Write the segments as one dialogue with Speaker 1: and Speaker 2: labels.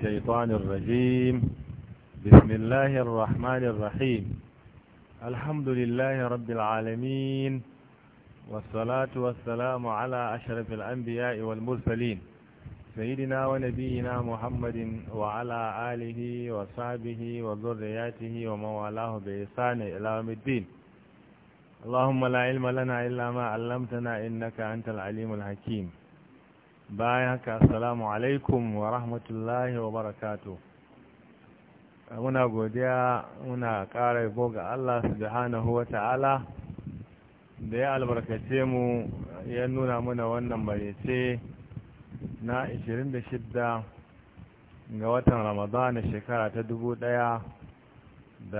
Speaker 1: الشيطان الرجيم بسم الله الرحمن الرحيم الحمد لله رب العالمين والصلاة والسلام على أشرف الأنبياء والمرسلين سيدنا ونبينا محمد وعلى آله وصحبه وذرياته ومن والاه بإحسان إلى يوم الدين اللهم لا علم لنا إلا ما علمتنا إنك أنت العليم الحكيم bayan haka assalamu alaikum wa rahmatullahi wa barakatu muna godiya muna ƙara yabo ga Allah subhanahu wa ta'ala da ya albarkace mu ya nuna muna wannan barece na 26 ga watan ramadana shekara ta 1440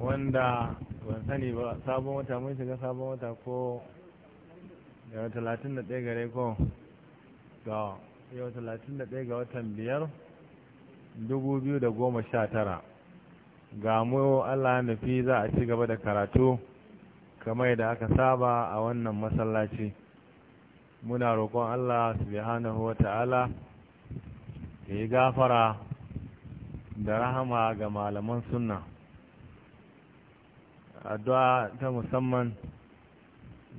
Speaker 1: wanda ban sani ba sabon wata mun shiga sabon wata ko yau talatin da ɗaya gare ko ga yau talatin da ɗaya ga watan biyar dubu biyu da goma sha tara ga mu allah nufi za a ci gaba da karatu kamar da aka saba a wannan masallaci muna roƙon allah subhanahu wa ta'ala ya yi gafara da rahama ga malaman sunna addu'a ta musamman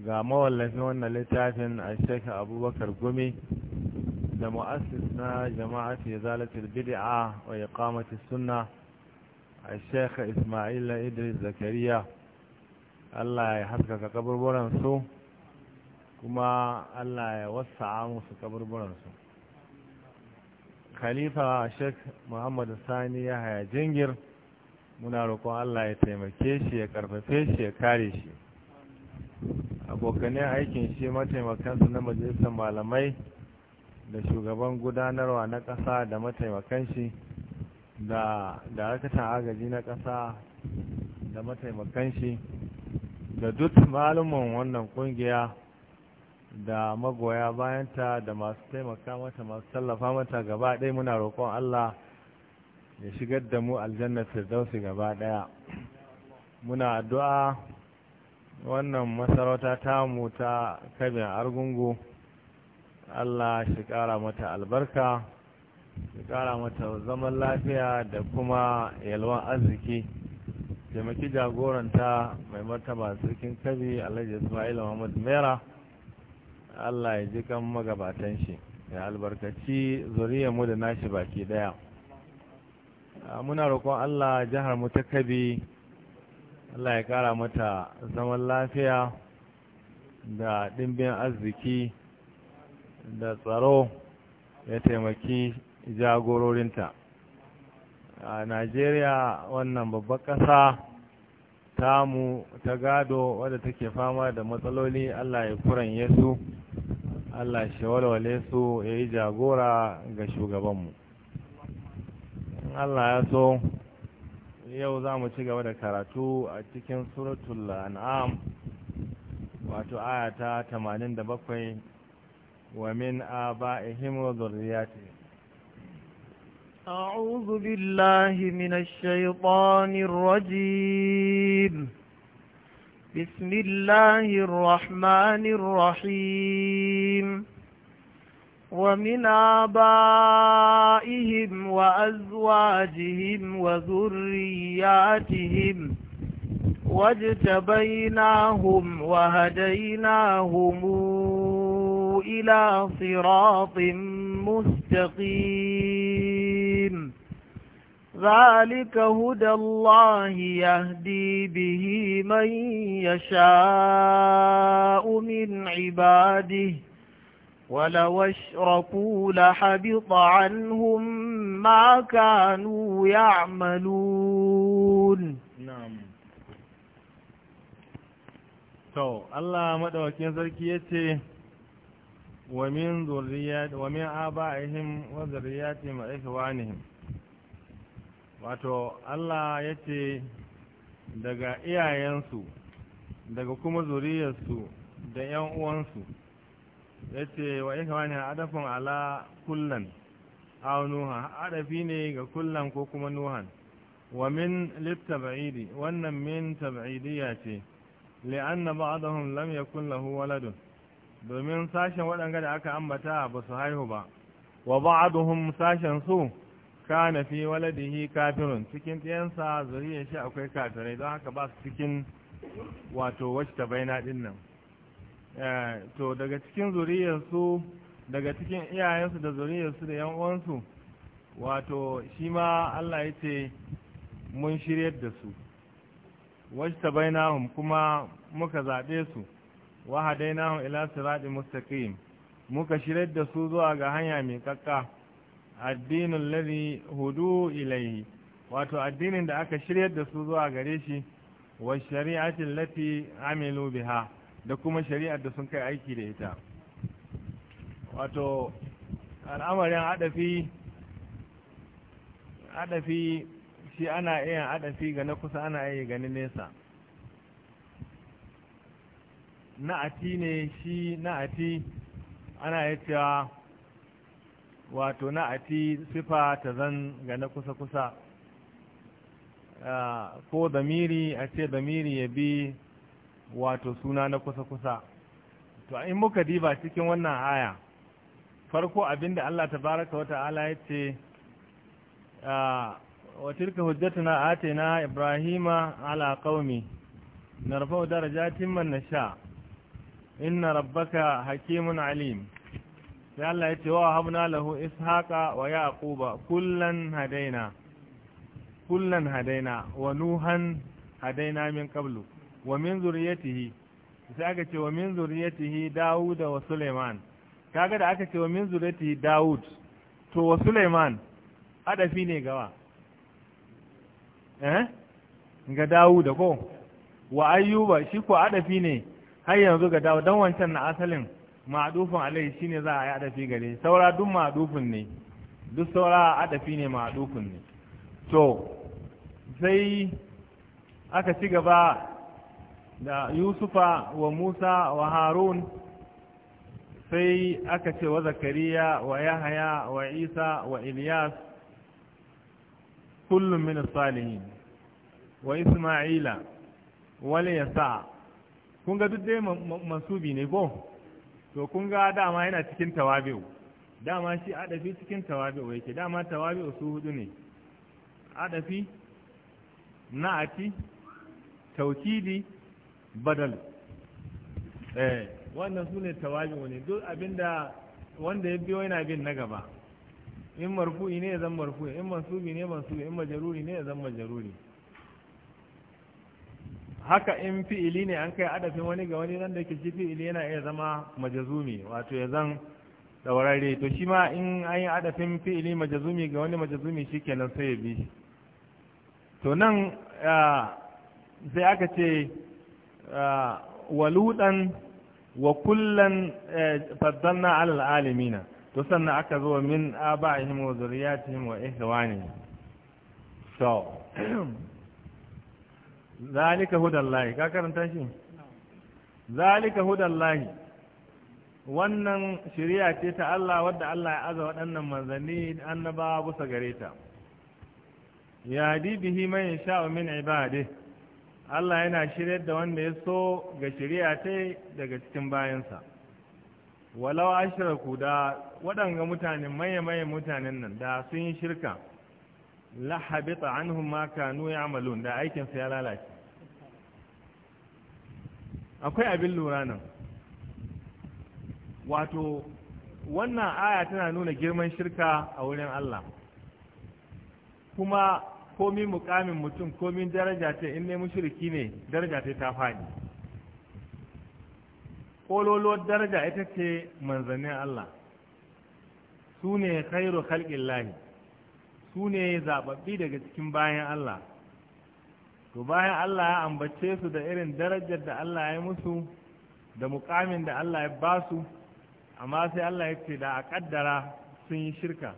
Speaker 1: ga mawallafin wannan littafin a shekar abubakar gumi da mu'assis na jama'ati zalatul bid'a wa iqamati sunna a shekar ismail idris zakariya allah ya haskaka kaburburan kuma allah ya wasa musu kaburburan su khalifa shek muhammad sani ya haya jingir muna roƙon allah ya taimake shi ya karfafe shi ya kare shi abokanai aikin shi mataimakansu na majalisar malamai da shugaban gudanarwa na ƙasa da mataimakan shi da darakatan agaji na ƙasa da mataimakan shi da duk malumin wannan ƙungiya da magoya bayanta da masu taimaka mata masu tallafa mata gaba ɗaya muna roƙon Allah ya shigar da mu aljannar firdausi gaba ɗaya muna addu'a wannan masarauta tamu ta kabin argungu Allah shi kara mata albarka shi kara mata zaman lafiya da kuma yalwan arziki taimaki jagoranta mai martaba sarkin kabi alhaji ismail muhammad mera Allah ya ji kan magabatan shi ya albarkaci mu da nashi baki daya muna roƙon Allah jihar mu ta kabi Allah ya kara mata zaman lafiya da ɗimbin arziki da tsaro ya taimaki jagororinta a Najeriya wannan babbar ƙasa tamu ta gado wadda take fama da matsaloli Allah ya kuran yesu Allah shi walwale su ya yi jagora ga shugabanmu Allah ya so yau za mu ci gaba da karatu a cikin suratul an'am wato aya ta 87 wa min aba'ihim wa dhurriyyatihim أعوذ بالله من
Speaker 2: الشيطان الرجيم بسم الله الرحمن الرحيم ومن آبائهم وأزواجهم وذرياتهم واجتبيناهم وهديناهم إلى صراط مستقيم ذلك هدى الله يهدي به من يشاء من عباده ولو اشركوا لحبط عنهم ما كانوا
Speaker 3: يعملون
Speaker 1: to Allah madaukakin sarki yace wa min zurriyat wa min abaihim wa zurriyatihim wa ikhwanihim wato Allah yace daga iyayensu daga kuma zuriyarsu da 'yan uwansu ya ce wa ne adafin ala kullan a nuha adafi ne ga kullan ko kuma nuhan wa min ba'idi wannan min tab'idiyya ce li'anna ba'dahum lam yakun lahu waladun domin sashen waɗanga da aka ambata ba su haihu ba wa ba'duhum sashen su kana fi waladihi kafirun cikin ɗiyansa zuriyar shi akwai kafirai don haka ba su cikin wato wacce ta baina dinnan nan Eh, to daga cikin zuriyarsu daga cikin iyayensu da zuriyarsu da yan uwansu wato shi ma Allah ya ce mun shiryar da su wajta bainahum kuma muka zaɓe su wa hadainahum ila siratin mustaqim muka shiryar da su zuwa ga hanya mai kakka addinin ladhi hudu ilayhi wato addinin da aka shiryar da su zuwa gare shi wa shari'atin lati amilu biha da kuma shari'ar da sun kai aiki da ita wato al'amarin adafi adafi shi ana iya adafi ga na kusa ana iya gani nesa na'ati ne shi na'ati ana iya cewa wato na'ati sifa ta zan ga na kusa-kusa ah, ko damiri a ce damiri ya bi wato suna na kusa-kusa to in muka diba cikin wannan aya farko abinda Allah baraka wa ta'ala ya ce ah, wa tilka hujjatuna atina ibrahima ala qaumi narfa'u darajatin man nasha inna rabbaka hakimun alim sai Allah ya ce wa habna lahu ishaqa wa yaquba kullan hadaina kullan hadaina wa nuhan hadaina min qablu wa min zuriyatihi sai aka ce wa min zuriyatihi Dawud wa Sulaiman kaga da aka ce wa min zuriyatihi Dawud to wa Sulaiman fi ne gawa eh ga Dawud ko wa Ayyuba shi ko fi ne har yanzu ga Dawud dan wancan na asalin ma'adufin alai shine za a yi fi gare saura duk ma'adufin ne duk saura fi ne ma'adufin ne to sai aka ci gaba da yusufa wa musa wa harun sai aka ce wa zakariya wa yahaya wa isa wa ilyas kullum min salihin wa isma'ila wale ya sa kun ga duk dai masubi ne ko to kun ga dama yana cikin tawabi'u dama shi adafi cikin tawabi'u yake dama tawabi'u su hudu ne adafi na'ati taukidi badal eh wannan su ne tawabi'u ne duk abinda wanda ya biyo yana bin na gaba in marfu'i ne ya zan marfu'i in mansubi ne mansubi in majaruri ne ya zan majaruri haka in fi'ili ne an kai adafin wani ga wani nan da ke shi fi'ili yana iya zama majazumi wato ya zan daurare to shi ma in an yi adafin fi'ili majazumi ga wani majazumi shi kenan sai ya bi to nan ah, sai aka ce waludan wa kullan faddalna alal alamina to sannan aka zo min aba'ihim wa zuriyatihim wa ihwani to zalika hudallahi ka karanta shi zalika hudallahi wannan shari'a ce ta Allah wadda Allah ya aza waɗannan manzanni annabawa busa gare ta ya dibihi man sha'a min ibadihi Allah yana shiryar da wanda ya so ga shirya ta daga cikin bayansa walau ashiraku da waɗanga mutane maye-maye mutanen nan da sun yi shirka lahabita hun maka nuna amalun da aikinsa ya lalace akwai abin lura nan wato wannan aya tana nuna girman shirka a wurin Allah kuma komi mukamin mutum komi daraja ce in ne mushriki ne daraja ce ta fadi kololo daraja ita ce manzannin Allah su ne khairu khalqin lahi su ne zababbi daga cikin bayan Allah to bayan Allah ya ambace su da irin darajar da Allah ya musu da mukamin da Allah ya basu amma sai Allah ya ce da a ƙaddara sun yi shirka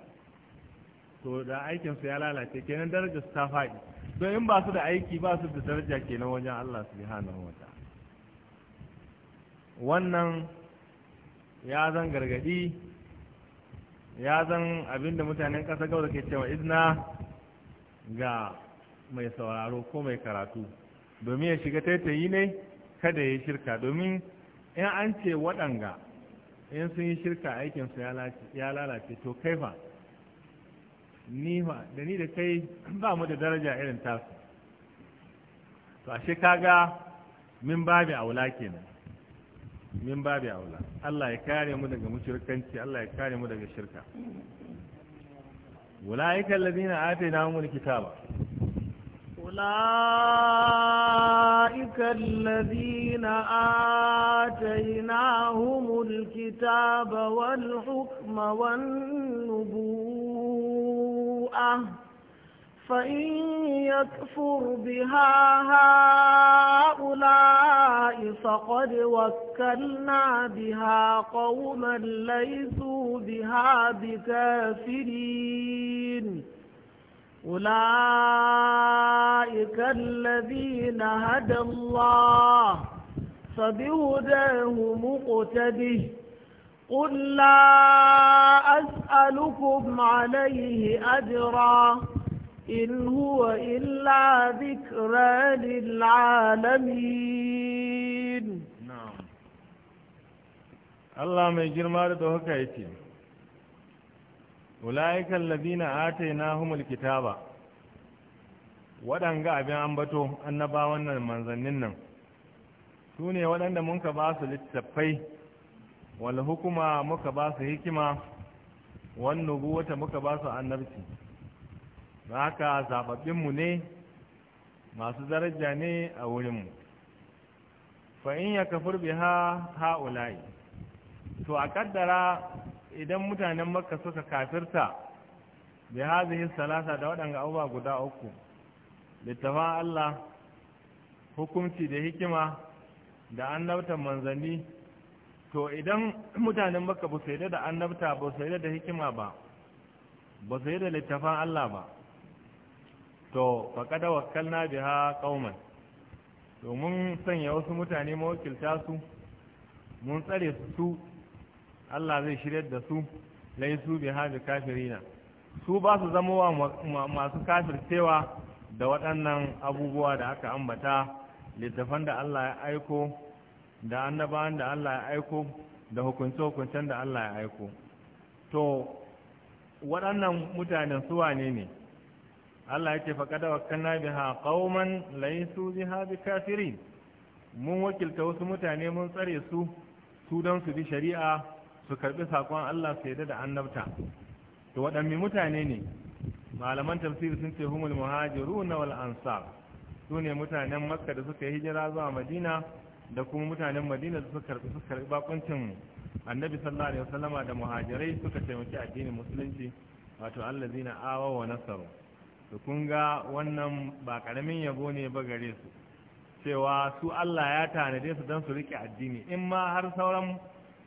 Speaker 1: to da aikinsu ya lalace kenan darajar su ta faɗi don in ba su da aiki ba su da daraja kenan wajen Allah subhanahu wa wannan ya zan gargadi ya zan abinda mutanen ƙasa gauda ke cewa izna ga mai sauraro ko mai karatu domin ya shiga taitayi ne kada ya shirka domin in an ce waɗanga in sun yi shirka aikinsu ya lalace to kaifa nima da ni da kai ba mu da daraja irin tasu to a shi kaga min babi aula kenan min babi aula Allah ya kare mu daga mushirkanci Allah ya kare mu daga shirka ulaika alladhina atainahumul kitaba
Speaker 2: أولئك الذين آتيناهم الكتاب والحكم والنبوة فإن يكفر بها هؤلاء فقد وكلنا بها قوما ليسوا بها بكافرين أولئك الذين هدى الله فبهداه مقتده قل لا أسألكم عليه أجرا إن هو إلا ذكرى للعالمين نعم
Speaker 1: الله ما يجير مارد وحكايتي أولئك الذين آتيناهم الكتابة waɗanga abin ambato annabawan nan manzannin nan su ne waɗanda mun ka ba su littattafai wal hukuma muka ba su hikima wan nubuwata muka ba su annabci da haka mu ne masu daraja ne a wurinmu fa in ya kafir biha ha'ula'i to a kaddara idan mutanen makka suka kafirta bi hadhihi salasa da waɗanga abubuwa guda uku littafan Allah hukunci da hikima da annabtan manzanni to idan mutanen maka ba su yi da annabta ba su da hikima ba ba su yi da littafan Allah ba to faƙada na biha ƙauman to mun sanya wasu mutane mawakilta su mun tsare su Allah zai shiryar da su laisu biha bi kafirina su ba su zama wa masu kafircewa da waɗannan abubuwa da aka ambata littafan da Allah ya aiko da annabawan da Allah ya aiko da hukunce-hukuncen da Allah ya aiko to waɗannan mutanen su wane ne Allah ya ce faƙada wa kanna biha qauman laysu biha bikafirin mun wakilta wasu mutane mun tsare su su don su bi shari'a su karɓi sakon Allah su yarda da annabta to waɗanne mutane ne malaman tafsiri sun ce humul muhajirun wal ansar su ne mutanen makka da suka yi hijira zuwa madina da kuma mutanen madina su karbi su karbi bakuncin annabi sallallahu alaihi wasallama da muhajirai suka taimaki addinin musulunci wato allazina awa wa nasaru to kun ga wannan ba karamin yabo ne ba gare su cewa su Allah ya tanade su don su rike addini in ma har sauran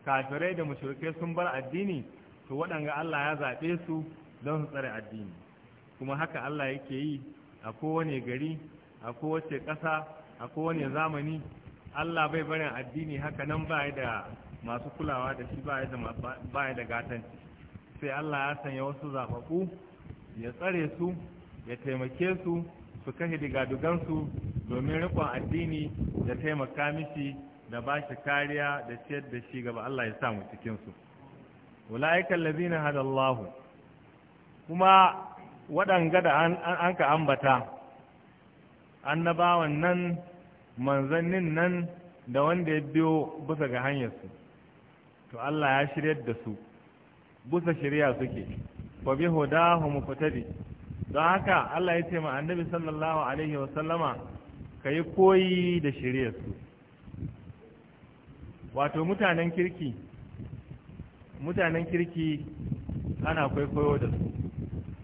Speaker 1: kafirai da mushrikai sun bar addini to waɗanga Allah ya zaɓe su don su tsare addini kuma haka Allah yake yi a kowane gari a kowace ƙasa a kowane zamani Allah bai barin addini haka nan ba da masu kulawa da shi ba da gatanci sai Allah ya sanya wasu zafafu ya tsare su ya taimake su su kashe diga-dugansu, domin rikon addini da taimaka mishi da ba shi kariya da ciyar da shi gaba Allah ya samu cikinsu wula'ikan lazina Allah kuma waɗanga da an ka ambata annabawan nan manzannin nan da wanda ya biyo bisa ga hanyarsu to Allah ya shiryar da su bisa shirya suke fa bi hudahum fatadi don haka Allah ya ce ma annabi sallallahu alaihi wa sallama kai koyi da shirya su wato mutanen kirki mutanen kirki ana kwaikwayo da su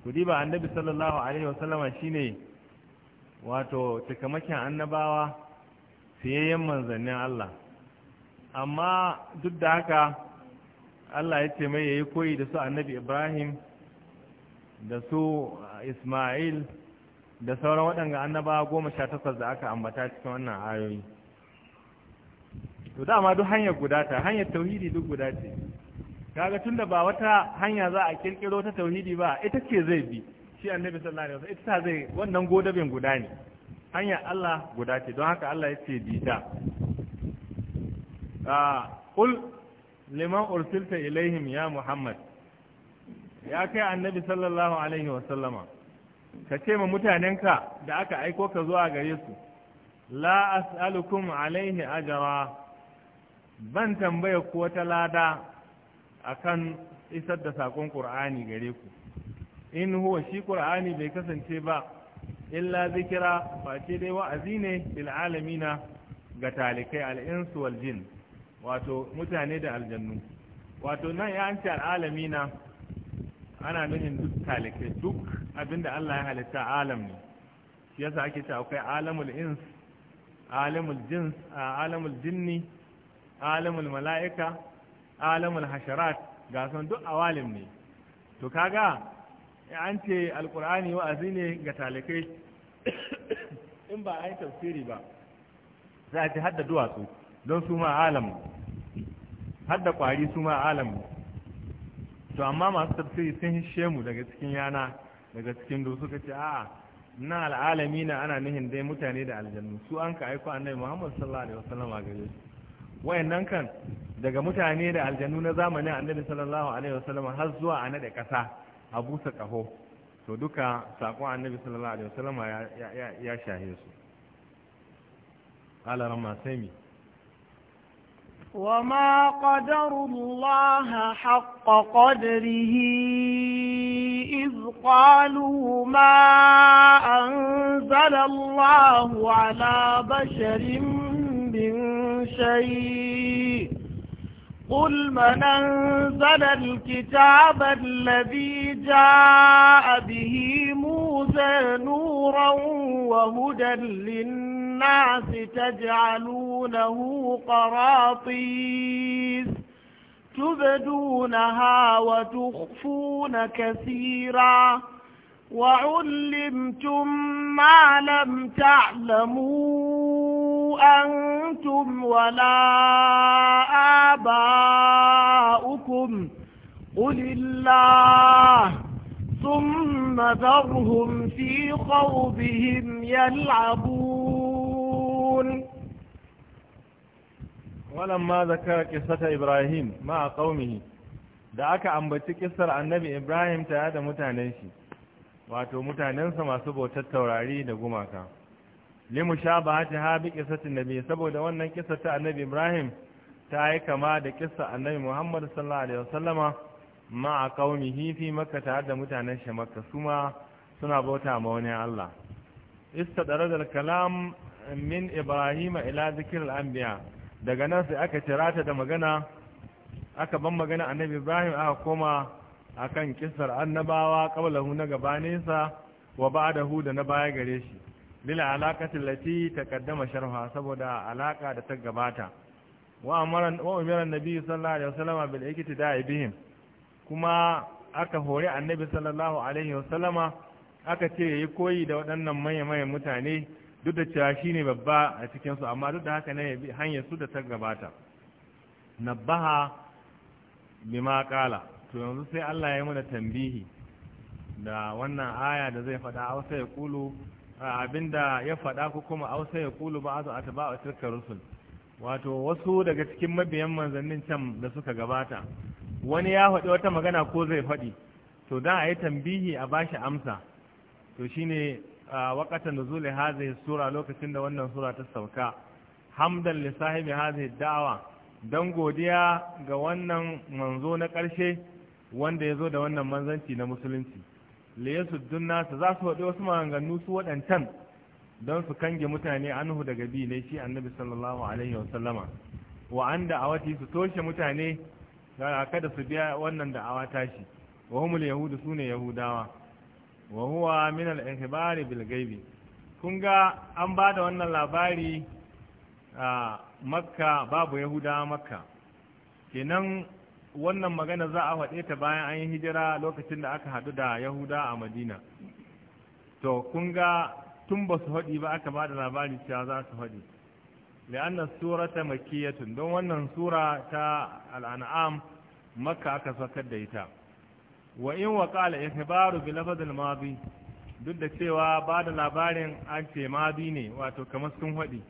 Speaker 1: ku ba annabi sallallahu alaihi wa sallama shine wato takamakin annabawa fiyayyen manzannin Allah amma duk da haka Allah ya ce mai yayi koyi da su annabi Ibrahim da su Ismail da sauran waɗanda annaba goma sha takwas da aka ambata cikin wannan ayoyi to dama duk hanyar guda ta hanyar tauhidi duk guda ce kaga da ba wata hanya za a kirkiro ta tauhidi ba ita ce zai bi shi annabi sallallahu alaihi wasallam ita ta zai wannan godabin guda ne hanya Allah guda ce don haka Allah ya ce bita ƙul ah, liman ursilta ilaihim ya muhammad ya kai annabi sallallahu alaihi wasallama ka ce ma mutanenka da aka aiko ka zuwa gare su la as'alukum alaihi ajara ban tambaya ku wata lada akan isar da sakon qur'ani gare ku in huwa shi qur'ani bai kasance ba illa zikira face dai wa'azi ne lil alamina ga talikai al'insu wal jin wato mutane da aljannu wato nan ya an ce al'alamina ana nufin duk talikai duk abinda Allah ya halitta alam ne shi yasa ake ce akwai alamul ins alamul jins alamul jinni alamul mala'ika alamul hasharat ga son duk awalim ne to kaga an ce alkur'ani wa'azi ne ga talikai in ba a yi tafsiri ba za a ce hadda duwatsu don su ma alamu hadda kwari su ma alamu to amma masu tafsiri sun hishe mu daga cikin yana daga cikin dusu suka ce a'a na al'alami na ana nihin dai mutane da aljannu su an ka aiko annabi Muhammad sallallahu alaihi wasallam a gare su wayannan kan daga mutane da aljannu na zamanin annabi sallallahu alaihi wasallam har zuwa a da kasa a busa kaho to duka sakon annabi sallallahu alaihi wasallam ya ya shahe su qala ramma sami
Speaker 2: وما قدر الله حق qadrihi iz qalu ma أنزل الله على بشر من شيء قل من أنزل الكتاب الذي جاء به موسى نورا وهدى للناس تجعلونه قراطيس تبدونها وتخفون كثيرا وعلمتم ما لم تعلمون أنتم ولا آباؤكم قل الله ثم ذرهم في خوضهم
Speaker 1: يلعبون ولما ذكر قصة إبراهيم مع قومه da aka ambaci kissar annabi Ibrahim tare da mutanen shi wato mutanensa masu bautar taurari da gumaka limu sha ba ta habi kisatin nabi saboda wannan kisa ta annabi ibrahim ta yi kama da kisa annabi muhammad sallallahu alaihi wasallama a qaumihi fi makka tare da mutanen shi makka su ma suna bauta ma wani allah istadara da kalam min ibrahim ila zikr al-anbiya daga nan sai aka tirata da magana aka ban magana annabi ibrahim aka koma akan kisar annabawa qablahu na gabaninsa wa ba'dahu da na baya gare shi lila alaƙatin lati ta kaddama sharha saboda alaƙa da ta gabata wa umarar nabi sallallahu alaihi wasallama bil ikiti da ibihim kuma aka hori annabi sallallahu alaihi wasallama aka ce ya yi koyi da waɗannan manya-manyan mutane duk da cewa shi ne babba a cikinsu amma duk da haka ne hanyar su da ta gabata nabbaha bima kala to yanzu sai Allah ya yi mana tambihi da wannan aya da zai faɗa a wasa ya kulu abinda ya faɗa ko kuma ausa ya kulu ba a a tilka rusul wato wasu daga cikin mabiyan manzannin can da suka gabata wani ya faɗi wata magana ko zai faɗi to da a yi tambihi a bashi amsa to shine da zule hadhihi sura lokacin da wannan sura ta sauka hamdan li sahibi hadhihi da'wa dan godiya ga wannan manzo na ƙarshe wanda ya zo da wannan manzanci na musulunci liyasuddun nasa za su faɗi wasu maganganu su waɗancan don su kange mutane anhu daga bi ne shi annabi sallallahu alaihi wa sallama wa an da'awati su toshe mutane kada su biya wannan da'awa tashi wa humul yahudu sune yahudawa wa huwa min al-ihbari bil ghaibi kun ga an ba da wannan labari a makka babu yahudawa makka kenan wannan magana za a faɗe ta bayan an yi hijira lokacin da aka haɗu da yahuda a madina to kun ga tun ba su haɗi ba aka ba da labari cewa za su haɗi li'anna sura ta makiyatun don wannan sura ta al'an'am makka aka sakar da ita wa in wa qala ihbaru bi lafazil madi duk da cewa ba da labarin an ce madi ne wato kamar sun haɗi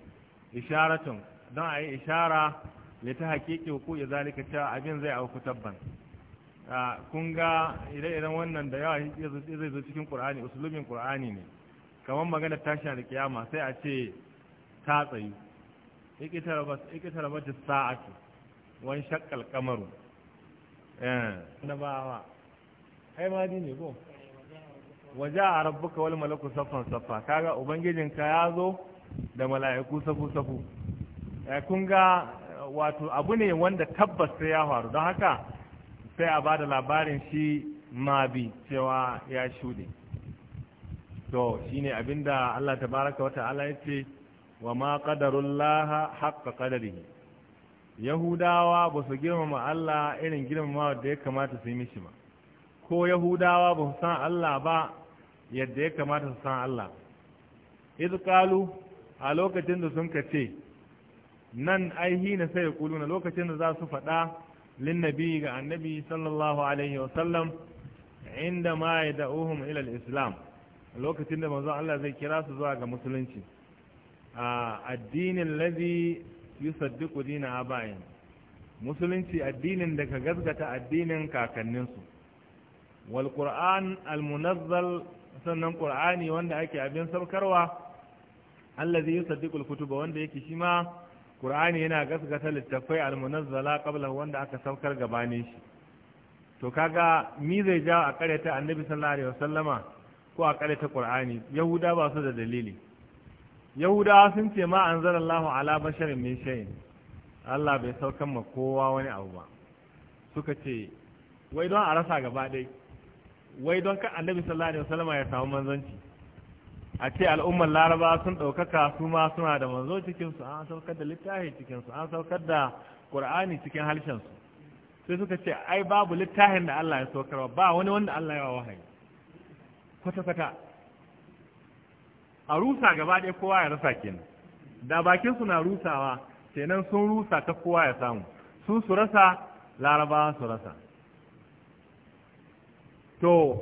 Speaker 1: isharatun don a yi ishara li ta haƙiƙi ko ya zalika cewa abin zai auku tabban kun ga ire-iren wannan da yawa zai zo cikin qur'ani usulubin qur'ani ne kamar magana tashi da kiyama sai a ce ta tsayu ikitar bata sa'atu wani shakkal kamaru na bawa ai ma ne ko waje a rabbuka wal malaku saffan saffa kaga ubangijinka ya zo da mala'iku safu safu kun ga wato abu ne wanda tabbas sai ya faru don haka sai a bada labarin shi mabi cewa ya shuɗe to shine abinda Allah tabaraka wata'ala ya ce wa ma qadarullaha haqqa qadarihi yahudawa ba su girmama Allah irin girmamawa da ya kamata su yi mishi ba ko yahudawa ba su san Allah ba yadda ya kamata su san Allah idh qalu a lokacin da sun ka ce nan aihi na sai kuluna lokacin da za su faɗa linnabi ga annabi sallallahu alaihi wasallam inda ma ya da'uhum ilal islam lokacin da manzo Allah zai kira su zuwa ga musulunci a addinin ladhi yusaddiqu dina abayin musulunci addinin da ka gaskata addinin kakanninsu wal qur'an al munazzal sannan qur'ani wanda ake abin saukarwa allazi yusaddiqu al kutuba wanda yake shi ma qur'ani yana gasgata littafai almunazzala qabla wanda aka saukar gabanin shi to kaga ni zai ja a ta annabi sallallahu alaihi wasallama ko a ta qur'ani yahuda ba su da dalili yahuda sun ce ma anzalallahu ala basharin min shay'in Allah bai saukan ma kowa wani abu ba suka ce wai don a rasa gaba dai wai don ka annabi sallallahu alaihi wasallama ya samu manzanci a ce al'ummar laraba sun ɗaukaka su ma suna da manzo cikinsu an saukar da littafi cikinsu an saukar da ƙur'ani cikin harshensu sai suka ce ai babu littafin da Allah ya wa ba wani wanda Allah ya wahayi kwata-kwata a rusa gaba ɗaya kowa ya rasa kenan da bakin su na rusawa kenan sun rusa ta kowa ya samu su su rasa larabawa su rasa to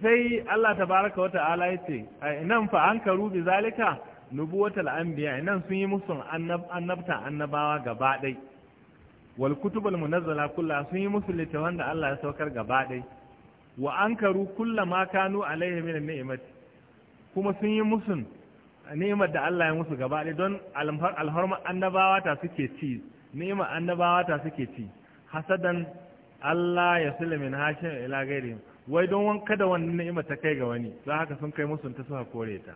Speaker 1: sai Allah ta baraka wa ta'ala yace nan fa an karu bi zalika nubuwatul anbiya nan sun yi musu annabta annabawa gaba dai wal kutubul munazzala kullu sun yi musu littafan da Allah ya saukar gaba dai wa ankaru kullu ma kanu alaihi min na'imati. kuma sun yi musu ni'imar da Allah ya musu gaba dai don alhormar annabawa ta suke ci annabawa ta suke ci hasadan Allah ya sulamin hashim ila gairihim wai don wanka da wannan ni'ima ta kai ga wani don haka sun kai ta suka kore ta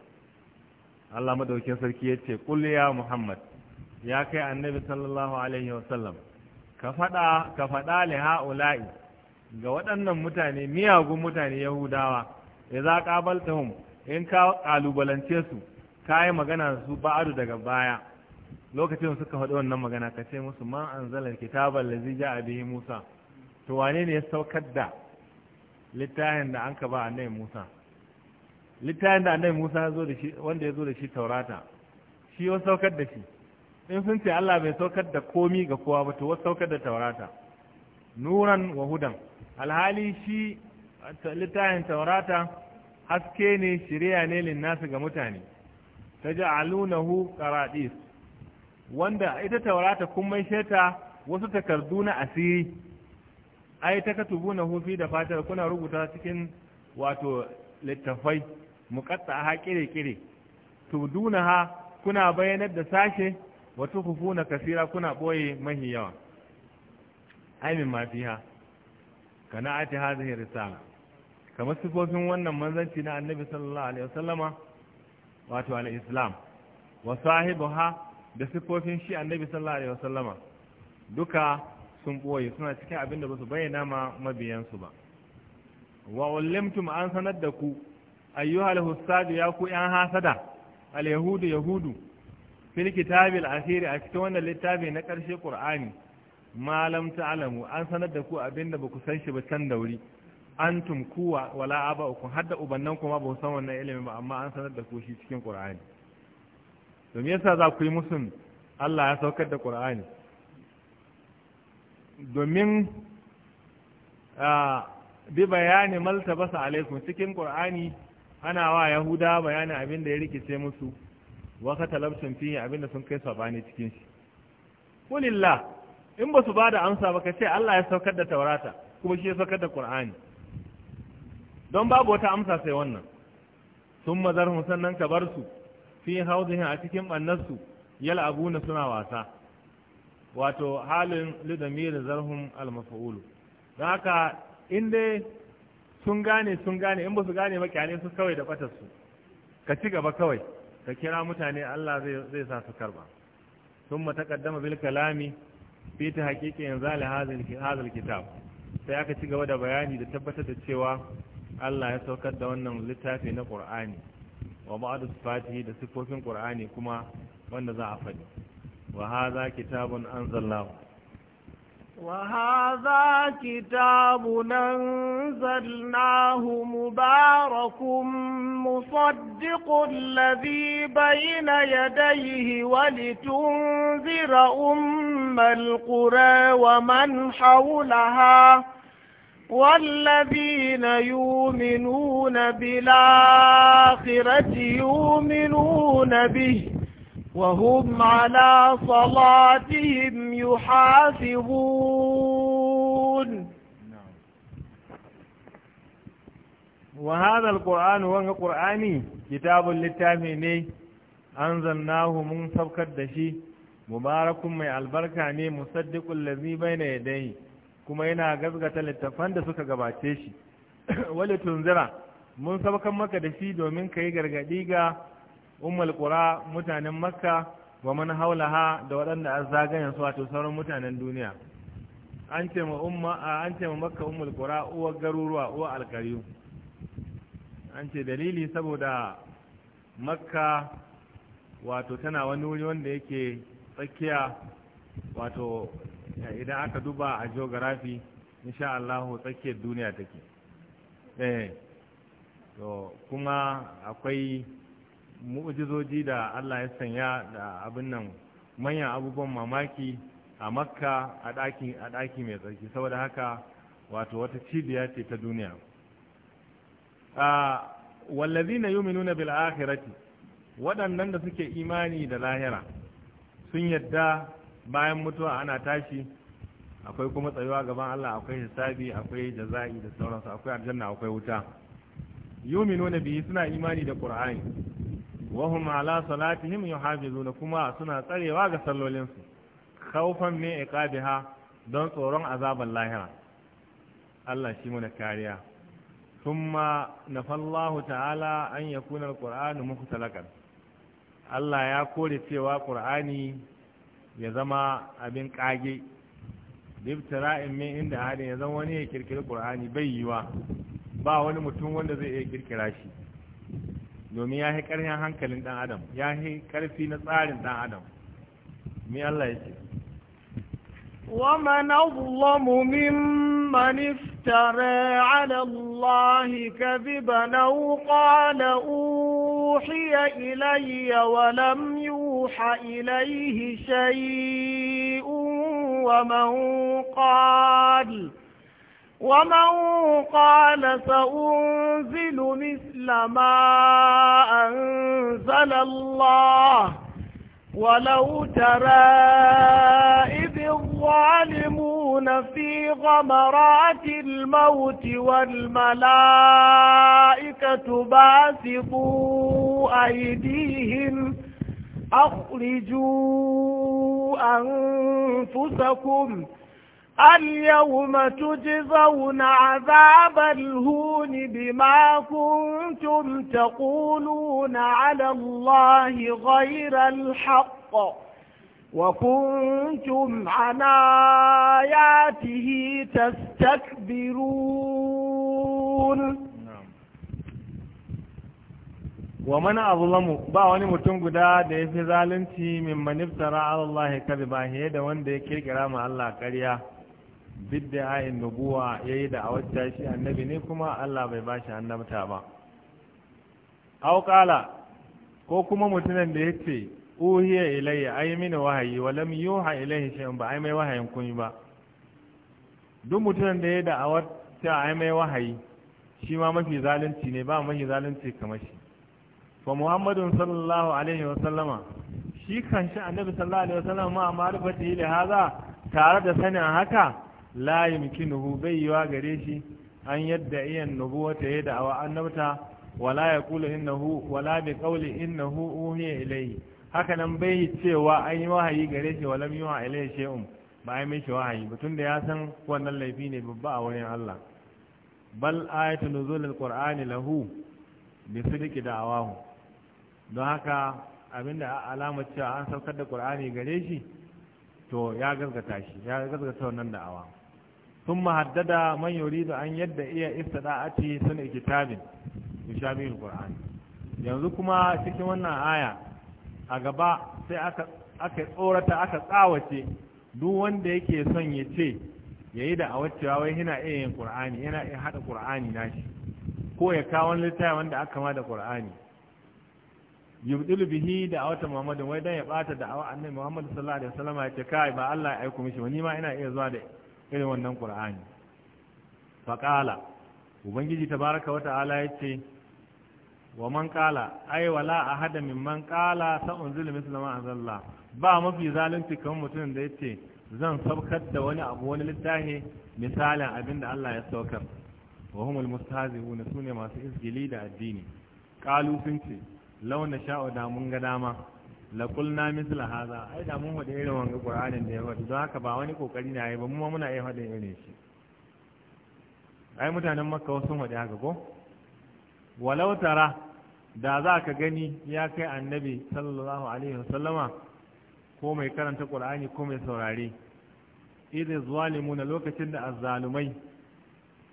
Speaker 1: Allah madaukin sarki ya ce kul ya Muhammad ya kai annabi sallallahu alaihi sallam ka fada ka fada li haula'i ga waɗannan mutane miyagun mutane yahudawa idza qabaltahum in ka kalubalance su kai magana su ba'adu daga baya lokacin suka faɗi wannan magana ka ce musu man anzala kitaba allazi ja'a bihi Musa to wane ne ya saukar da littafin da an ka ba annabi Musa littafin da annabi Musa ya zo da shi wanda ya zo da shi Taurata shi ya saukar da shi in sun ce Allah bai saukar da komi ga kowa ba to wasu saukar da Taurata nuran wa hudan alhali shi littafin Taurata haske ne shirya ne linnasu ga mutane taj'alunahu qaradis wanda ita Taurata kun mai sheta wasu takardu na asiri ai ta katubu na hufi da fatar kuna rubuta cikin wato littafai mukatta ha kire-kire tuduna ha kuna bayanar da sashe wato hufu na kasira kuna ɓoye mahi yawa aimin mafi ha kana ati hadhihi risala kamar sifofin wannan manzanci na annabi sallallahu alaihi wasallama wato al-islam wa sahibuha da sifofin shi annabi sallallahu alaihi wasallama duka sun ɓoye suna cikin abin da ba su bayyana ma mabiyansu ba wa ulimtum an sanar da ku ayyuhal hustadu ya ku yan hasada al yahudu yahudu fil kitabil akhir a cikin wannan littafi na karshe qur'ani ma lam ta'lamu an sanar da ku abin da baku san shi ba can da wuri antum kuwa wala aba'ukum hadda ubannan kuma ba san wannan ilimi ba amma an sanar da ku shi cikin qur'ani to me yasa za ku yi musun Allah ya saukar da qur'ani domin bi bayani maltabasa alaikum cikin Kur'ani ana wa yahuda bayani abin da ya rikice musu wa katalabtum abin da sun kai sabani cikin shi kulilla in ba su ba da amsa ba ka ce Allah ya saukar da taurata kuma shi ya saukar da qur'ani don babu wata amsa sai wannan sun mazar sannan ka bar su fi hauzihin a cikin ɓannarsu yal abuna suna wasa wato halin lidamir zarhum Almafaulu, don haka in sun gane sun gane in ba su gane ba kyale su kawai da batar su ka ci gaba kawai ka kira mutane Allah zai sa su karba thumma taqaddama bil kalami fi ta haqiqi inzal hadha kitab sai aka ci gaba da bayani da tabbatar da cewa Allah ya saukar da wannan littafi na ƙur'ani wa ba'd sifatihi da sifofin ƙur'ani kuma wanda za a faɗi وهذا كتاب أنزلناه
Speaker 2: وهذا كتاب أنزلناه مبارك مصدق الذي بين يديه ولتنذر أم القرى ومن حولها والذين يؤمنون بالآخرة يؤمنون به وهم على صلاتهم
Speaker 1: يحافظون وهذا القرآن هو القرآن كتاب للتاميني أنزلناه من سبك الدشي مبارك من البركة مصدق الذي بين يديه كما yana قزقة littafan da قباتيشي ولتنزرع من wale tunzira mun sabakan maka da ummul qura mutanen makka wa man haulaha da waɗanda an zagayen su wato sauran mutanen duniya an ce ma umma an ce ma makka ummul qura uwa garuruwa uwa alkariyu an ce dalili saboda makka wato tana wani wuri wanda yake tsakiya wato idan aka duba a geography insha Allah tsakiyar duniya take eh to kuma akwai mu'jizoji da Allah ya sanya da abin nan manyan abubuwan mamaki a makka a ɗaki a ɗaki mai tsarki saboda haka wato wata cibiya ce ta duniya wallazina yu'minuna bil akhirati waɗannan da suke imani da lahira sun yadda bayan mutuwa ana tashi akwai kuma tsayuwa gaban Allah akwai hisabi akwai jaza'i da sauransu akwai aljanna akwai wuta yu'minuna bihi suna imani da qur'ani wa hum ala salatihim yuhafizuna kuma suna tsarewa ga su khawfan min iqabiha don tsoron azaban lahira Allah shi mu da kariya thumma nafallahu ta'ala an yakuna alqur'anu mukhtalaqan Allah ya kore cewa qur'ani ya zama abin kage dibtira'in min inda hali ya zama wani ya kirkiri qur'ani bai yiwa ba wani mutum wanda zai iya kirkira shi domin ya yi ƙarfin hankalin dan adam ya yi ƙarfi na tsarin dan adam mai Allah ya ce
Speaker 2: ومن أظلم ممن افترى على الله كذبا أو قال أوحي إلي ولم يوح إليه شيء ومن قال ومن قال سأنزل مثل ما أنزل الله ولو ترى إذ الظالمون في غمرات الموت والملائكة باسطوا أيديهم أخرجوا أنفسكم أخرجوا أنفسكم اليوم تجزون عذاب الهون بما كنتم تقولون على الله غير الحق وكنتم عن آياته تستكبرون
Speaker 1: wa mana azlamu ba wani mutum guda da ya fi zalunci min maniftara ala Allah kadhiba da wanda ya kirkira mu Allah karya. biddahayin nubuwa ya yi da a wacce shi annabi ne kuma Allah bai ba shi annabta ba auƙala ko kuma mutunan da ya ce uhiya ilayya ai mini wahayi wa lam yuha ilayhi shay'un ba ai mai wahayin kun ba duk mutunan da ya da a wacce ai mai wahayi shi ma mafi zalunci ne ba mafi zalunci kamar shi fa muhammadun sallallahu alaihi wa sallama shi kan shi annabi sallallahu alaihi wa sallama ma ma'rifati li hadha tare da sanin haka la nuhu bai yiwa gare shi an yadda iyan ta ya da'awa annabta wala ya kula hu wala bi inna hu uhiya ilayhi haka nan bai cewa an yi wahayi gare shi walam yuha ilayhi shay'un ba ai mishi wahayi ba tunda ya san wannan laifi ne babba a wurin Allah bal ayatu nuzulil qur'ani lahu bi sidqi da'awahu don haka abinda alama cewa an saukar da qur'ani gare shi to ya gaskata shi ya gaskata wannan da'awa sun mahaddada man yuridu an yadda iya istida'ati sun kitabin yushabihu alquran yanzu kuma cikin wannan aya a gaba sai aka aka tsorata aka tsawace duk wanda yake son ya ce yayi da awacewa wai yana iya yin qur'ani yana iya hada qur'ani nashi ko ya kawo wani littafi wanda aka ma da qur'ani yubdilu bihi da awata muhammadu wai dan ya bata da awa annabi muhammadu sallallahu alaihi wasallam ya ce kai ba Allah ya aika mishi ba ni ma ina iya zuwa da irin wannan ƙura'ani Faƙala, ubangiji ta wata ala ya ce wa man ƙala, ai wala a hada man ƙala sa'un sa unzila zama a zalla. ba mafi zalunci kamar mutumin da ya ce zan saukar da wani abu wani littafi misalin abin da Allah ya saukar wa humul su sune masu isgili da addini ƙalu sun ce launa nasha'u da mun ga dama Lakulna kulna haza ai da mun wada irin wanga qur'anin da ya wada don haka ba wani kokari na yi ba mu muna iya wada irin shi ai mutanen makka wasu wada haka ko walau tara da za ka gani ya kai annabi sallallahu alaihi wasallama ko mai karanta qur'ani ko mai saurari. saurare idin zalimuna lokacin da azzalumai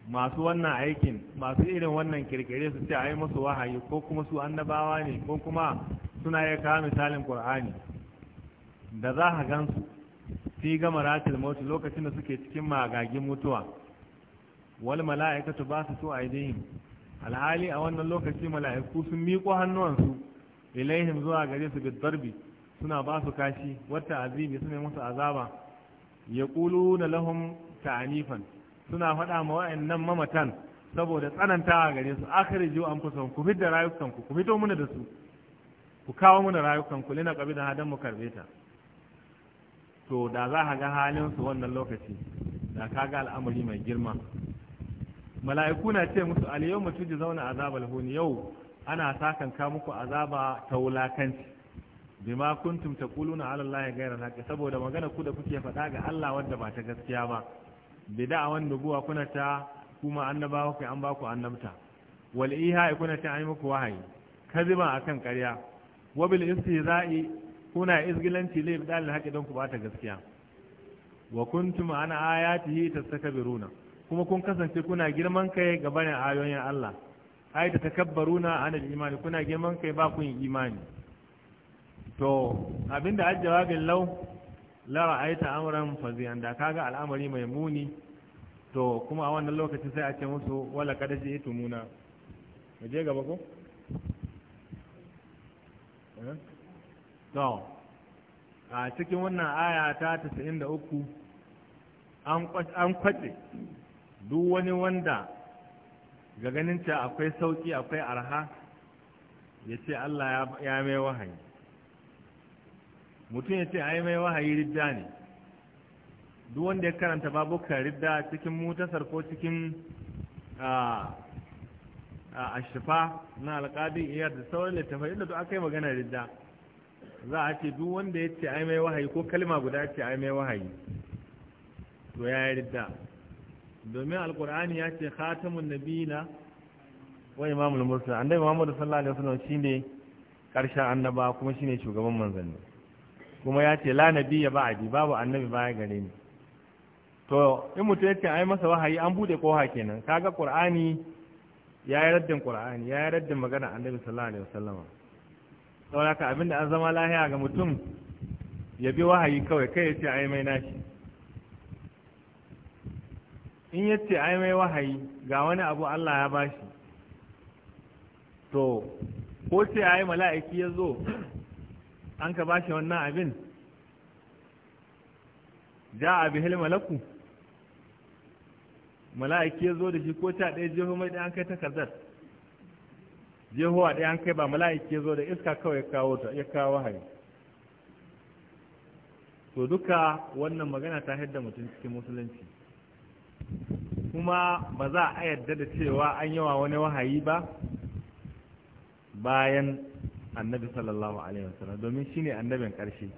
Speaker 1: masu wannan aikin masu irin wannan kirkire su ce a yi musu wahayi ko kuma su annabawa ne ko kuma suna iya kawo misalin ƙur'ani da za a gansu fi ga maratil mautu lokacin da suke cikin magagin mutuwa wal mala'ikatu ba su so aidihim alhali a wannan lokaci mala'iku sun miƙo su? ilaihim zuwa gare su bidarbi suna ba su kashi wata azimi suna musu azaba yaquluna lahum ta'anifan suna faɗa ma nan mamatan saboda tsananta a gare su an kusan ku fidda rayukanku ku fito muna da su ku kawo muna rayukanku lina da hadan mu karbe ta to da za ka ga halin su wannan lokaci da ka ga al'amari mai girma mala'iku na ce musu al ji zauna azabal huni yau ana sakan ka muku azaba ta wulakanci bima kuntum taquluna ala allahi ghayra al saboda magana ku da kuke faɗa ga Allah wanda ba ta gaskiya ba bi da'awan nubuwa kuna ta kuma annabawa kai an baku annabta wal ihai kuna ta muku wahayi kaziban akan ƙarya wa bil istihza'i kuna izgilanci lay bi dalil haƙi don ku bata gaskiya wa kuntum an ayatihi tastakbiruna kuma kun kasance kuna girman kai ga barin ayoyin Allah ai ta takabbaruna an imani kuna girman kai ba ku imani to abinda ajjawabin lau lara yi amuran faziyan da kaga al'amari mai muni to kuma a wannan lokacin sai a ce musu wala kada ji ito muna mu je gaba ko eh? to a cikin wannan aya ta 93 an kwace duk wani wanda ga ganin ce akwai sauki akwai arha ya ce Allah ya mai wahayi mutum ya ce ai mai wahayi ridda ne duk wanda ya karanta babukan ridda cikin mutasar ko cikin a shifa na alƙadi iya da sauran littafai inda duk aka yi magana ridda za a ce duk wanda ya ce ai mai wahayi ko kalma guda ce ai mai wahayi to ya yi ridda domin alƙur'ani ya ce khatamun nabiyina wa imamul mursal annabi muhammad sallallahu alaihi wasallam shine karshen annaba kuma shine shugaban manzanni kuma ya ce la ya ba'di babu annabi baya gare ni to in mutum ya ce ai masa wahayi an bude ko ha kenan kaga qur'ani ya yi raddin qur'ani ya yi raddin magana annabi sallallahu alaihi wasallam saboda ka abinda an zama lahiya ga mutum ya bi wahayi kawai kai ya ce ai mai nashi in yace ce ai mai wahayi ga wani abu Allah ya bashi to ko ce ai mala'iki ya zo an ka bashi wannan abin ja'a bihil malaku mala'iki ya zo da shi ko ta ɗaya jeho mai ɗaya an kai takardar jehowa ɗaya an kai ba mala'iki ya zo da iska kawai ya kawo ta ya kawo hari to duka wannan magana ta haidda mutum cikin musulunci kuma ba za a yarda da cewa an yawa wani wahayi ba bayan annabi sallallahu alaihi wasallam domin shine annabin ƙarshe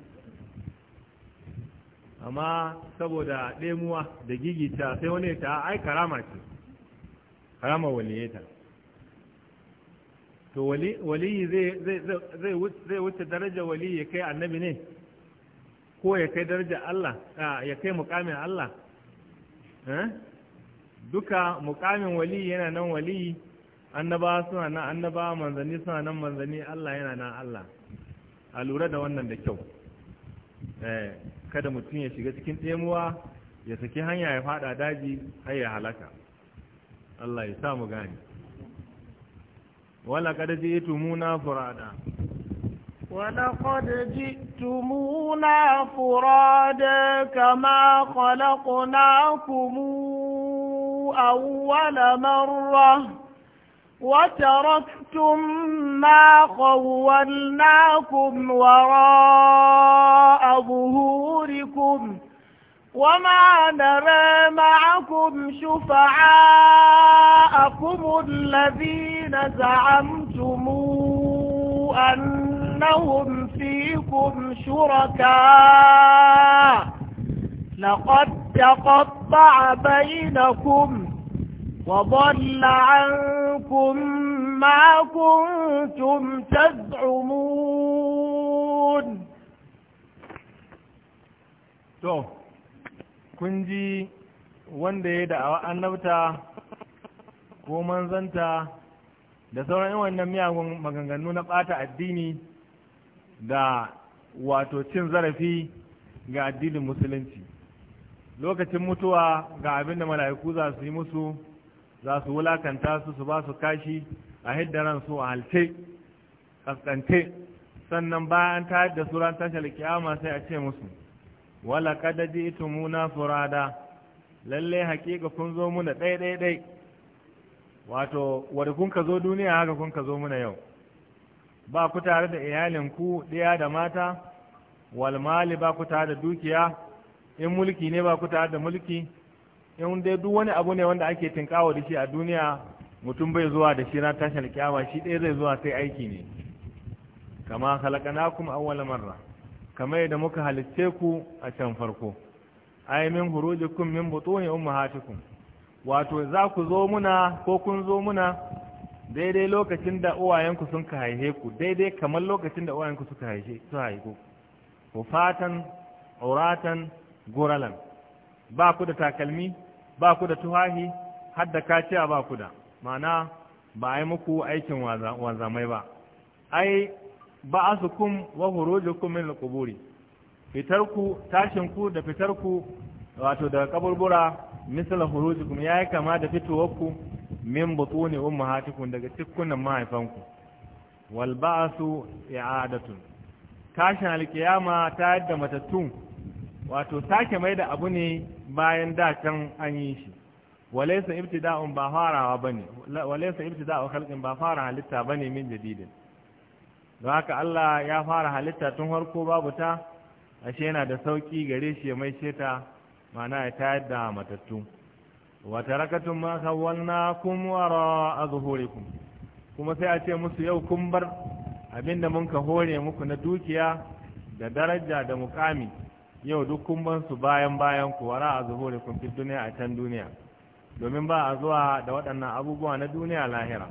Speaker 1: amma saboda ɗemuwa da gigita sai wani ta ai karama ce karama waliyeta to waliyi zai wuce daraja waliyi ya kai annabi ne ko ya kai daraja Allah ya kai mukamin Allah eh? duka mukamin waliyi yana nan waliyi annaba suna nan annaba manzanni suna nan manzanni Allah yana nan Allah a lura da wannan da kyau eh. kada mutum ya shiga cikin ɗemuwa ya saki hanya ya faɗa daji har ya halaka Allah ya sa mu gani wala kada ji tumuna furada
Speaker 2: ji tumuna furada kama khalaqnakum awwala مرة وتركتم ما خولناكم وراء ظهوركم وما نرى معكم شفعاءكم الذين زعمتم أنهم فيكم شركاء لقد تقطع بينكم وضل عنكم منكم ما كنتم تزعمون
Speaker 1: to kun ji wanda ya da'awa annabta ko manzanta da sauran yin wannan miyagun maganganu na ɓata addini da wato cin zarafi ga addinin musulunci lokacin mutuwa ga abin da mala'iku za su yi musu za su wulakanta su su ba su kashi a hiddaran su a halce kaskance sannan bayan ta da suran tashar kiyama sai a ce musu wala kada ji ita muna furada lalle hakika kun zo muna ɗai wato wadda kun ka zo duniya haka kun ka zo muna yau ba ku tare da iyalinku ɗaya da mata walmali ba ku tare da dukiya in mulki ne ba ku tare da mulki yawon dai duk wani abu ne wanda ake tinkawa da shi a duniya mutum bai zuwa da shi na tashin alkiyama shi ɗaya zai zuwa sai aiki ne kama halakanakum awwala marra kamar yadda muka halitce ku a can farko Ai min hurujikum min butuni ummahatikum wato za ku zo muna ko kun zo muna daidai lokacin da uwayenku sun ka haihe ku daidai kamar lokacin da uwayenku suka haihe su haihu ku fatan auratan guralan ba ku da takalmi ba ku da tuhahi har da kaciya ba ku da ma'ana ba a yi muku aikin wanzamai ba ai ba su kun wa hurujukum min al fitarku tashinku da fitarku wato daga kaburbura misal hurujukum yi kama da fitowarku min butuni ummahatikum daga cikkunan mahaifanku wal ba'su i'adatun tashin alkiyama ta yadda matattun wato sake mai da abu ne bayan da can an yi shi walaisa ibtida'un ba farawa bane walaisa ibtida'u khalqin ba fara halitta bane min jadidin don haka Allah ya fara halitta tun harko babu ta ashe yana da sauki gare shi ya mai sheta mana ya tayar da matattu wa tarakatum ma khawwalnakum wara azhurikum kuma sai a ce musu yau kun bar abinda mun ka hore muku na dukiya da daraja da mukami yau duk kun ban su bayan bayan ku wara a zuhuri kun fi duniya a can duniya domin ba a zuwa da waɗannan abubuwa na duniya lahira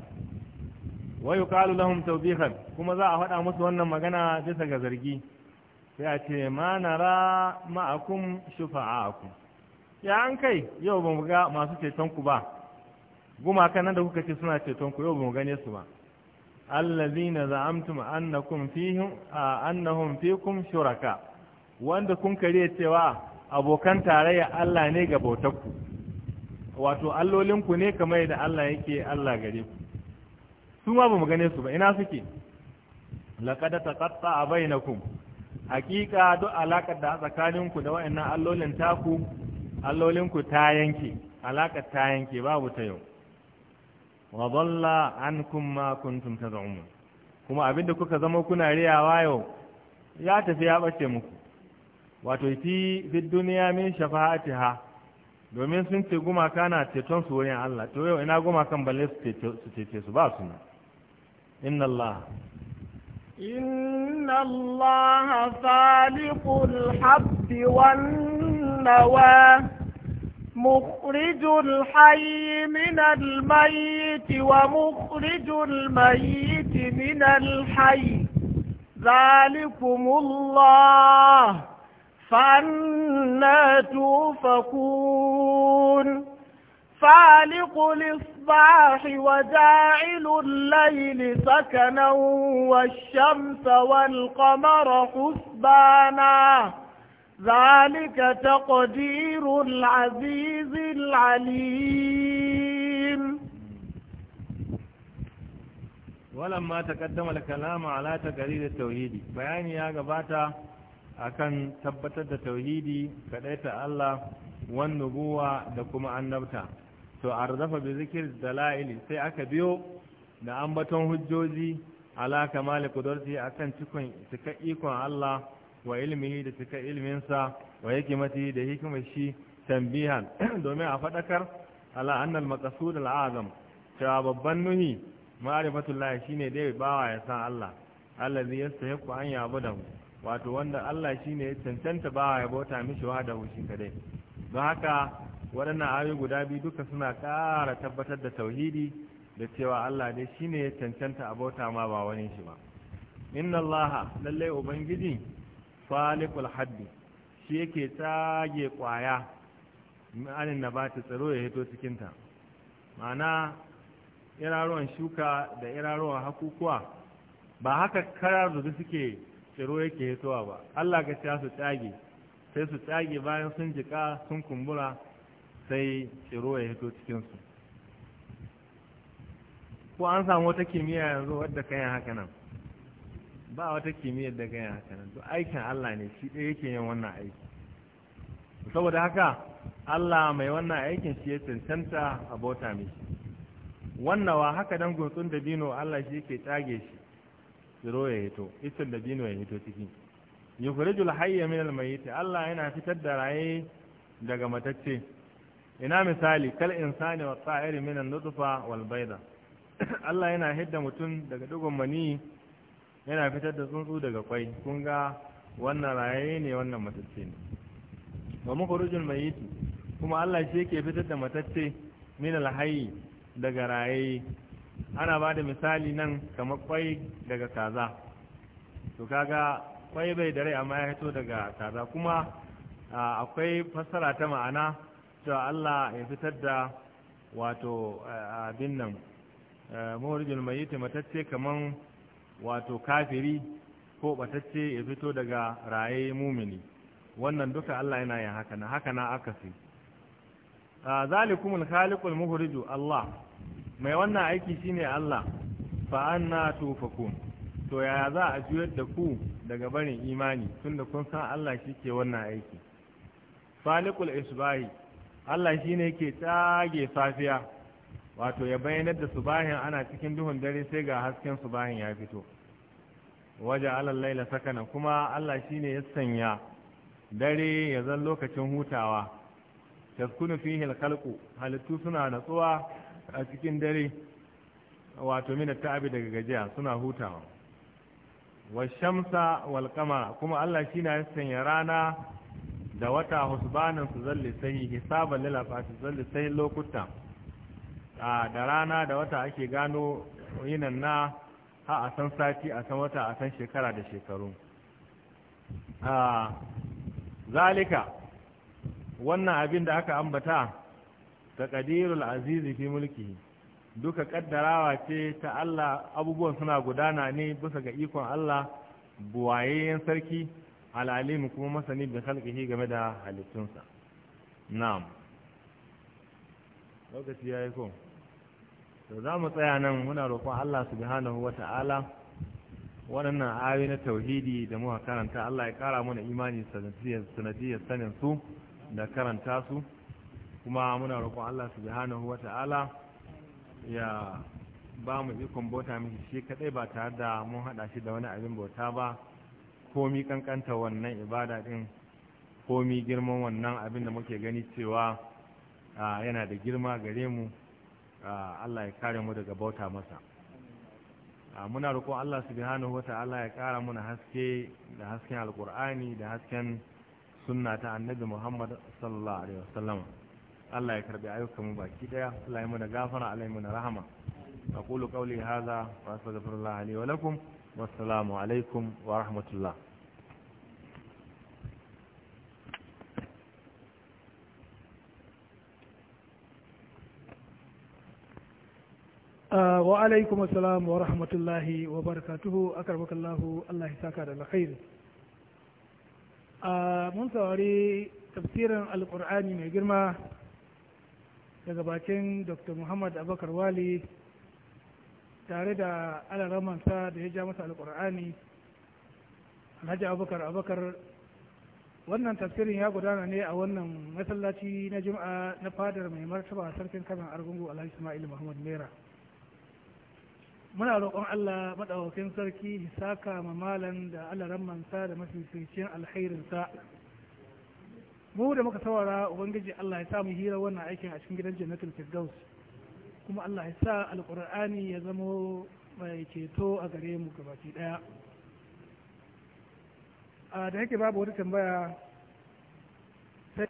Speaker 1: wai yuqalu lahum tawbihan kuma za a faɗa musu wannan magana bisa ga zargi sai a ce ma nara ma'akum shufa'akum ya an kai yau ba ga masu ceton ku ba gumaka nan da kuka ce suna ceton ku yau ba mu gane su ba allazina za'amtum annakum fihim annahum fikum shuraka wanda kun kare cewa abokan tarayya Allah ne ga bautarku wato allolinku ne kamar yadda Allah yake Allah gare ku su ma ba mu gane su ba ina suke laqad taqatta bainakum haqiqa duk alakar da tsakaninku da wayannan allolin taku allolinku ta yanke alakar ta yanke babu ta yau wa dalla ankum ma kuntum tad'un kuma abinda kuka zama kuna riyawa yau ya tafi ya bace muku wato fi fi duniya min shafa'atiha domin sun ce gumaka na ceton su wurin Allah to yau ina gumakan balle su cece su ba su ne inna Allah
Speaker 2: inna Allah khaliqul habbi wan nawa مخرج الحي من الميت ومخرج الميت من الحي ذلكم الله فأنا توفكون فالق الإصباح وجاعل الليل سكنا والشمس والقمر حسبانا ذلك تقدير
Speaker 1: العزيز العليم ولما تقدم الكلام على تقرير التوحيد بيان يا جباتا akan tabbatar da tauhidi kadaita Allah wan nubuwa da kuma annabta to arzafa bi zikir dalail sai aka biyo da ambaton hujjoji ala kamal qudrati akan cikon cika ikon Allah wa ilmihi da cika ilminsa wa hikimati da hikimar shi tambihan domin a fadakar ala annal maqsud al'azam cewa babban nuni ma'rifatullahi shine dai bawa ya san Allah allazi yastahiqu an ya'budahu wato wanda Allah shi ne cancanta ba ya bauta mishi wa da hushi kadai don haka waɗannan ayoyi guda biyu duka suna ƙara tabbatar da tauhidi da cewa Allah dai shi ne cancanta abota ma ba wani shi ba inna Allah lallai ubangiji falikul haddi shi yake tsage kwaya ma'anin na ba ta tsaro ya hito cikinta ma'ana iraruwan shuka da iraruwan hakukuwa ba haka karar da suke tsiro yake hitowa ba Allah ka ta su tsage sai su tsage bayan sun jika sun kumbura sai tsiro ya hito cikinsu ko an samu wata kimiyya yanzu wadda kan yi haka nan ba wata kimiyyar da kan yi haka nan to aikin Allah ne shi ɗaya yake yin wannan aiki saboda haka Allah mai wannan aikin shi ya cancanta a bauta mishi wannan wa haka dan gutsun da dino Allah shi yake tsage shi tsiro ya hito isar da bino ya hito ciki yukhrijul hayya min almayyit Allah yana fitar da raye daga matacce ina misali kal insani wa ta'iri min an-nutfa wal bayda Allah yana hidda mutum daga dugon mani yana fitar da tsuntsu daga kwai kun ga wannan raye ne wannan matacce ne wa mukhrujul mayyit kuma Allah shi yake fitar da matacce min alhayy daga raye ana ba da misali nan kamar kwai daga kaza to kaga kwai bai da rai amma ya fito daga kaza kuma akwai fassara ta ma'ana cewa Allah ya fitar da wato abin nan mawarijin mai matacce kamar wato kafiri ko batacce ya fito daga raye mumini wannan duka Allah yana yin haka na haka na akasi zalikumul khaliqul muhriju Allah mai wannan aiki shine Allah fa anna tufakun to ya za a juyar da ku daga barin imani tunda kun san Allah shike wannan aiki falikul isbahi Allah shine yake tage safiya wato ya bayyanar da subahin ana cikin duhun dare sai ga hasken subahin ya fito waje alal laila sakana kuma Allah shine ya sanya dare ya zan lokacin hutawa taskunu fihi alqalqu halittu suna natsuwa a cikin dare wato mina ta'abi daga gajiya suna hutawa wa shamsa wal kuma Allah shi na sanya rana da wata husbanin su zalle sai hisaban lil afati zalle sai lokuta a da rana da wata ake gano yinan na ha a san sati a san wata a san shekara da shekaru a zalika wannan abin da aka ambata taqdirul azizi fi mulki. duka ƙaddarawa ce ta Allah abubuwan suna gudana ne bisa ga ikon Allah buwayayyen sarki al'alim kuma masani bi khalqihi game da halittunsa na'am lokaci yayi ko to za mu tsaya nan muna roƙon Allah subhanahu wata'ala waɗannan ayoyi na tauhidi da muka karanta Allah ya ƙara mana imani sanadiyar sanin su da karanta su kuma muna roƙon Allah subhanahu wa ta'ala ya ba mu ikon bauta mishi shi kadai ba tare da mun hada shi da wani abin bauta ba komi kankanta wannan ibada din komi girman wannan abin da muke gani cewa yana da girma gare mu Allah ya kare mu daga bauta masa muna roƙon Allah subhanahu wa ta'ala ya kara muna haske da hasken alkur'ani da hasken sunna ta annabi Muhammad sallallahu alaihi wasallam Allah ya karbi ayyukanmu baki daya Allah ya muna gafara Allah ya muna rahama aqulu qawli hadha wa astaghfirullah li wa lakum wassalamu alaikum wa rahmatullah
Speaker 3: uh, wa alaikum assalam wa rahmatullahi wa barakatuhu a akarbakallahu Allah ya saka da alkhairi uh, mun saurari tafsirin al alkur'ani mai girma daga bakin dr muhammad abakar wali tare da alaramansa da ya ja masa alkur'ani alhaji abakar abakar wannan tafsirin ya gudana ne a wannan masallaci na juma'a na fadar mai martaba sarkin kanan argungu alhaji ismail muhammad mera muna roƙon allah maɗaukakin sarki saka mamalan da alaramansa da mafificin alhairinsa mu da muka saurara ubangiji Allah ya samu mu hira wannan aikin a cikin gidan jannatul firdaus kuma Allah ya sa alqur'ani ya zama mai ceto a gare mu gabaki daya a da yake babu wata tambaya